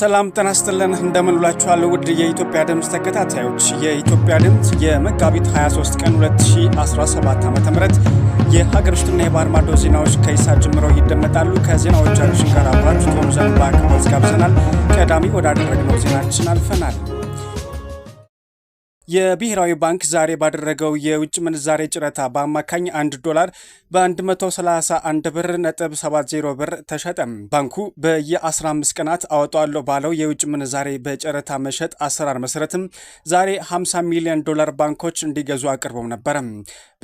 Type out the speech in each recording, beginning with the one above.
ሰላም ጤና ይስጥልን እንደምንላችኋል ውድ የኢትዮጵያ ድምፅ ተከታታዮች የኢትዮጵያ ድምፅ የመጋቢት 23 ቀን 2017 ዓ ም የሀገር ውስጥና የባህር ማዶ ዜናዎች ከይሳ ጀምረው ይደመጣሉ። ከዜናዎቻችን ጋር አብራችሁ ትሆኑ ዘንድ በአክብሮት ጋብዘናል። ቀዳሚ ወዳደረግነው ዜናችን አልፈናል። የብሔራዊ ባንክ ዛሬ ባደረገው የውጭ ምንዛሬ ጨረታ በአማካኝ 1 ዶላር በ131 ብር ነጥብ 70 ብር ተሸጠም ባንኩ በየ15 ቀናት አወጣለሁ ባለው የውጭ ምንዛሬ በጨረታ መሸጥ አሰራር መሰረትም ዛሬ 50 ሚሊዮን ዶላር ባንኮች እንዲገዙ አቅርበው ነበረም።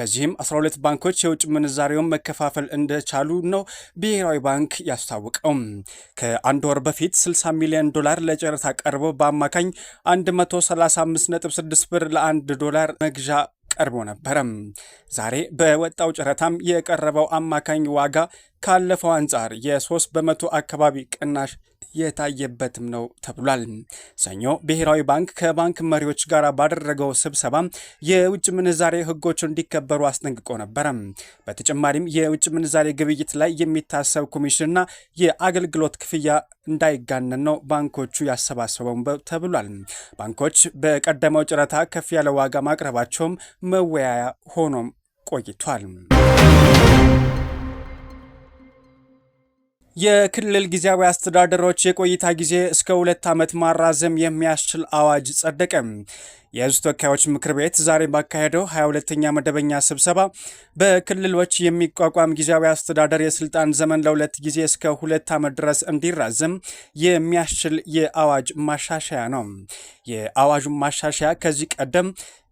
በዚህም 12 ባንኮች የውጭ ምንዛሬውን መከፋፈል እንደቻሉ ነው ብሔራዊ ባንክ ያስታወቀው። ከአንድ ወር በፊት 60 ሚሊዮን ዶላር ለጨረታ ቀርቦ በአማካኝ 135.6 ብር ለአንድ ዶላር መግዣ ቀርቦ ነበረም። ዛሬ በወጣው ጨረታም የቀረበው አማካኝ ዋጋ ካለፈው አንጻር የ3 በመቶ አካባቢ ቅናሽ የታየበትም ነው ተብሏል። ሰኞ ብሔራዊ ባንክ ከባንክ መሪዎች ጋር ባደረገው ስብሰባ የውጭ ምንዛሬ ህጎች እንዲከበሩ አስጠንቅቆ ነበረ። በተጨማሪም የውጭ ምንዛሬ ግብይት ላይ የሚታሰብ ኮሚሽንና የአገልግሎት ክፍያ እንዳይጋነን ነው ባንኮቹ ያሰባሰበው ተብሏል። ባንኮች በቀደመው ጨረታ ከፍ ያለ ዋጋ ማቅረባቸውም መወያያ ሆኖም ቆይቷል። የክልል ጊዜያዊ አስተዳደሮች የቆይታ ጊዜ እስከ ሁለት ዓመት ማራዘም የሚያስችል አዋጅ ጸደቀ። የህዝብ ተወካዮች ምክር ቤት ዛሬ ባካሄደው 22ኛ መደበኛ ስብሰባ በክልሎች የሚቋቋም ጊዜያዊ አስተዳደር የስልጣን ዘመን ለሁለት ጊዜ እስከ ሁለት ዓመት ድረስ እንዲራዝም የሚያስችል የአዋጅ ማሻሻያ ነው። የአዋጁ ማሻሻያ ከዚህ ቀደም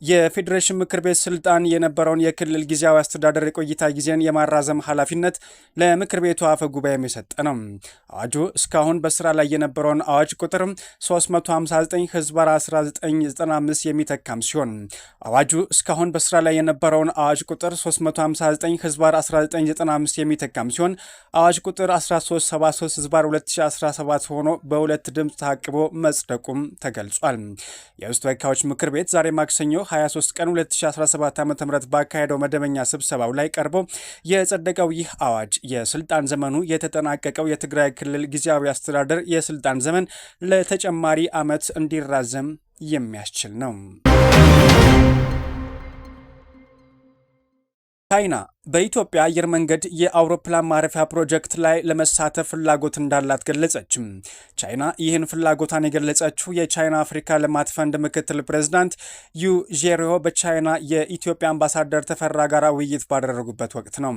የፌዴሬሽን ምክር ቤት ስልጣን የነበረውን የክልል ጊዜያዊ አስተዳደር የቆይታ ጊዜን የማራዘም ኃላፊነት ለምክር ቤቱ አፈ ጉባኤም የሰጠ ነው። አዋጁ እስካሁን በስራ ላይ የነበረውን አዋጅ ቁጥር 359 ህዝብ 1995 የሚተካም ሲሆን አዋጁ እስካሁን በስራ ላይ የነበረውን አዋጅ ቁጥር 359 ህዝባር 1995 የሚተካም ሲሆን አዋጅ ቁጥር 1373 ህዝባር 2017 ሆኖ በሁለት ድምፅ ታቅቦ መጽደቁም ተገልጿል። የውስጥ ተወካዮች ምክር ቤት ዛሬ ማክሰኞ 23 ቀን 2017 ዓ ም ባካሄደው መደበኛ ስብሰባው ላይ ቀርቦ የጸደቀው ይህ አዋጅ የስልጣን ዘመኑ የተጠናቀቀው የትግራይ ክልል ጊዜያዊ አስተዳደር የስልጣን ዘመን ለተጨማሪ ዓመት እንዲራዘም የሚያስችል ነው። ቻይና በኢትዮጵያ አየር መንገድ የአውሮፕላን ማረፊያ ፕሮጀክት ላይ ለመሳተፍ ፍላጎት እንዳላት ገለጸችም። ቻይና ይህን ፍላጎቷን የገለጸችው የቻይና አፍሪካ ልማት ፈንድ ምክትል ፕሬዚዳንት ዩ ዤሪዮ በቻይና የኢትዮጵያ አምባሳደር ተፈራ ጋር ውይይት ባደረጉበት ወቅት ነው።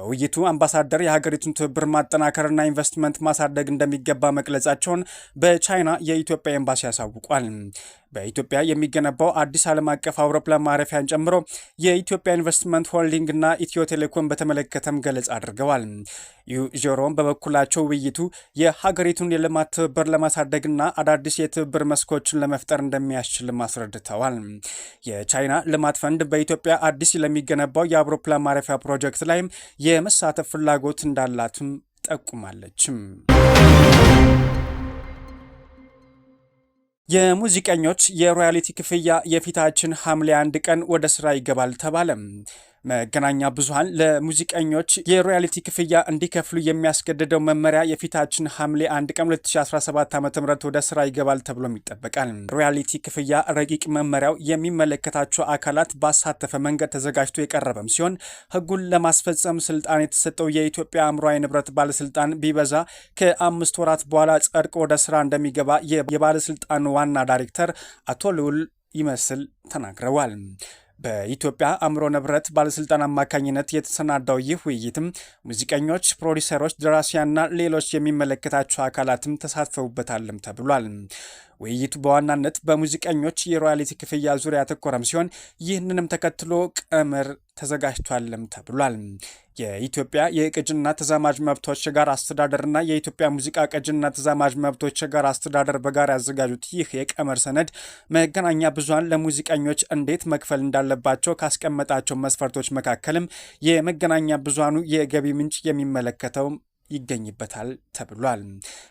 በውይይቱ አምባሳደር የሀገሪቱን ትብብር ማጠናከርና ኢንቨስትመንት ማሳደግ እንደሚገባ መግለጻቸውን በቻይና የኢትዮጵያ ኤምባሲ ያሳውቋል። በኢትዮጵያ የሚገነባው አዲስ ዓለም አቀፍ አውሮፕላን ማረፊያን ጨምሮ የኢትዮጵያ ኢንቨስትመንት ሆልዲንግ እና ኢትዮ ቴሌኮም በተመለከተም ገለጽ አድርገዋል። ዩሮም በበኩላቸው ውይይቱ የሀገሪቱን የልማት ትብብር ለማሳደግና አዳዲስ የትብብር መስኮችን ለመፍጠር እንደሚያስችል አስረድተዋል። የቻይና ልማት ፈንድ በኢትዮጵያ አዲስ ለሚገነባው የአውሮፕላን ማረፊያ ፕሮጀክት ላይም የመሳተፍ ፍላጎት እንዳላትም ጠቁማለችም። የሙዚቀኞች የሮያሊቲ ክፍያ የፊታችን ሐምሌ አንድ ቀን ወደ ስራ ይገባል ተባለም መገናኛ ብዙሃን ለሙዚቀኞች የሮያልቲ ክፍያ እንዲከፍሉ የሚያስገድደው መመሪያ የፊታችን ሐምሌ 1 ቀን 2017 ዓ ም ወደ ስራ ይገባል ተብሎም ይጠበቃል። ሮያልቲ ክፍያ ረቂቅ መመሪያው የሚመለከታቸው አካላት ባሳተፈ መንገድ ተዘጋጅቶ የቀረበም ሲሆን ህጉን ለማስፈጸም ስልጣን የተሰጠው የኢትዮጵያ አእምሯዊ ንብረት ባለስልጣን ቢበዛ ከአምስት ወራት በኋላ ጸድቆ ወደ ስራ እንደሚገባ የባለስልጣኑ ዋና ዳይሬክተር አቶ ልዑል ይመስል ተናግረዋል። በኢትዮጵያ አእምሮ ንብረት ባለስልጣን አማካኝነት የተሰናዳው ይህ ውይይትም ሙዚቀኞች፣ ፕሮዲሰሮች፣ ደራሲያንና ሌሎች የሚመለከታቸው አካላትም ተሳትፈውበታልም ተብሏል። ውይይቱ በዋናነት በሙዚቀኞች የሮያሊቲ ክፍያ ዙሪያ ያተኮረም ሲሆን ይህንንም ተከትሎ ቀምር ተዘጋጅቷልም ተብሏል። የኢትዮጵያ የቅጅና ተዛማጅ መብቶች የጋራ አስተዳደርና የኢትዮጵያ ሙዚቃ ቅጅና ተዛማጅ መብቶች የጋራ አስተዳደር በጋራ ያዘጋጁት ይህ የቀመር ሰነድ መገናኛ ብዙሃን ለሙዚቀኞች እንዴት መክፈል እንዳለባቸው ካስቀመጣቸው መስፈርቶች መካከልም የመገናኛ ብዙሃኑ የገቢ ምንጭ የሚመለከተው ይገኝበታል ተብሏል።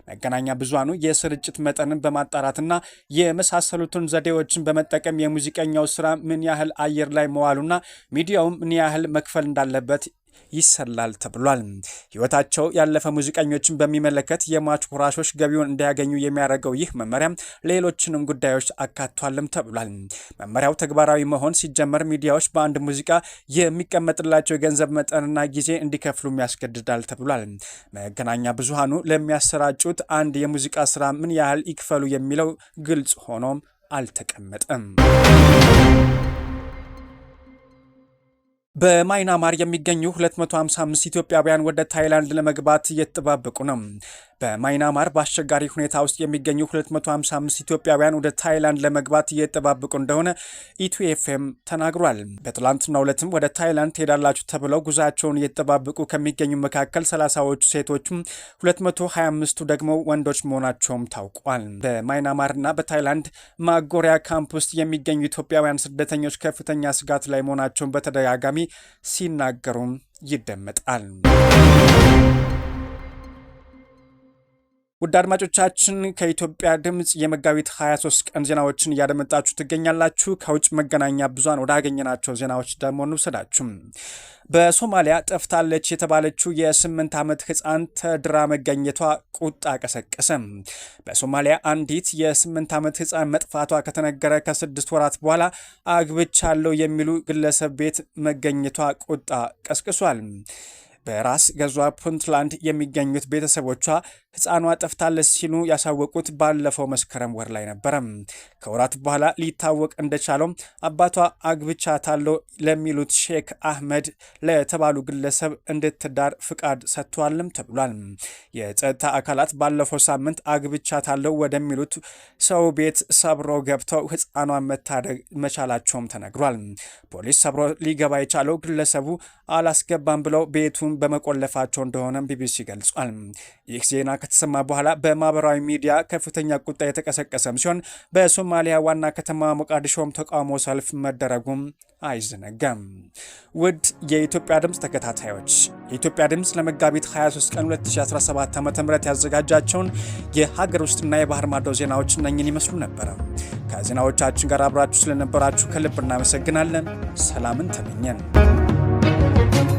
መገናኛ ብዙሃኑ የስርጭት መጠንን በማጣራትና የመሳሰሉትን ዘዴዎችን በመጠቀም የሙዚቀኛው ስራ ምን ያህል አየር ላይ መዋሉና ሚዲያውም ምን ያህል መክፈል እንዳለበት ይሰላል ተብሏል። ህይወታቸው ያለፈ ሙዚቀኞችን በሚመለከት የሟች ወራሾች ገቢውን እንዳያገኙ የሚያደርገው ይህ መመሪያ ሌሎችንም ጉዳዮች አካቷልም ተብሏል። መመሪያው ተግባራዊ መሆን ሲጀመር ሚዲያዎች በአንድ ሙዚቃ የሚቀመጥላቸው የገንዘብ መጠንና ጊዜ እንዲከፍሉ ያስገድዳል ተብሏል። መገናኛ ብዙሃኑ ለሚያሰራጩት አንድ የሙዚቃ ስራ ምን ያህል ይክፈሉ የሚለው ግልጽ ሆኖም አልተቀመጠም። በማይናማር የሚገኙ 255 ኢትዮጵያውያን ወደ ታይላንድ ለመግባት እየተጠባበቁ ነው። በማይናማር በአስቸጋሪ ሁኔታ ውስጥ የሚገኙ 255 ኢትዮጵያውያን ወደ ታይላንድ ለመግባት እየጠባበቁ እንደሆነ ኢትዮኤፍኤም ተናግሯል። በትላንትናው ዕለትም ወደ ታይላንድ ትሄዳላችሁ ተብለው ጉዞአቸውን እየተጠባበቁ ከሚገኙ መካከል 30ዎቹ ሴቶችም 225ቱ ደግሞ ወንዶች መሆናቸውም ታውቋል። በማይናማርና በታይላንድ ማጎሪያ ካምፕ ውስጥ የሚገኙ ኢትዮጵያውያን ስደተኞች ከፍተኛ ስጋት ላይ መሆናቸውን በተደጋጋሚ ሲናገሩም ይደመጣል። ውድ አድማጮቻችን ከኢትዮጵያ ድምፅ የመጋቢት 23 ቀን ዜናዎችን እያደመጣችሁ ትገኛላችሁ። ከውጭ መገናኛ ብዙሃን ወዳገኘናቸው ዜናዎች ደግሞ እንውሰዳችሁ። በሶማሊያ ጠፍታለች የተባለችው የስምንት ዓመት ህፃን ተድራ መገኘቷ ቁጣ ቀሰቀሰ። በሶማሊያ አንዲት የስምንት ዓመት ህፃን መጥፋቷ ከተነገረ ከስድስት ወራት በኋላ አግብቻለሁ የሚሉ ግለሰብ ቤት መገኘቷ ቁጣ ቀስቅሷል። በራስ ገዟ ፑንትላንድ የሚገኙት ቤተሰቦቿ ህፃኗ ጠፍታለች ሲሉ ያሳወቁት ባለፈው መስከረም ወር ላይ ነበረም። ከወራት በኋላ ሊታወቅ እንደቻለውም አባቷ አግብቻታለሁ ለሚሉት ሼክ አህመድ ለተባሉ ግለሰብ እንድትዳር ፍቃድ ሰጥቷልም ተብሏል። የጸጥታ አካላት ባለፈው ሳምንት አግብቻታለሁ ወደሚሉት ሰው ቤት ሰብሮ ገብተው ህፃኗ መታደግ መቻላቸውም ተነግሯል። ፖሊስ ሰብሮ ሊገባ የቻለው ግለሰቡ አላስገባም ብለው ቤቱን በመቆለፋቸው እንደሆነም ቢቢሲ ገልጿል። ይህ ዜና ከተሰማ በኋላ በማህበራዊ ሚዲያ ከፍተኛ ቁጣ የተቀሰቀሰም ሲሆን በሶማሊያ ዋና ከተማ ሞቃዲሾም ተቃውሞ ሰልፍ መደረጉም አይዘነጋም። ውድ የኢትዮጵያ ድምፅ ተከታታዮች የኢትዮጵያ ድምፅ ለመጋቢት 23 ቀን 2017 ዓ ም ያዘጋጃቸውን የሀገር ውስጥና የባህር ማዶ ዜናዎች እነኝን ይመስሉ ነበረ። ከዜናዎቻችን ጋር አብራችሁ ስለነበራችሁ ከልብ እናመሰግናለን። ሰላምን ተመኘን።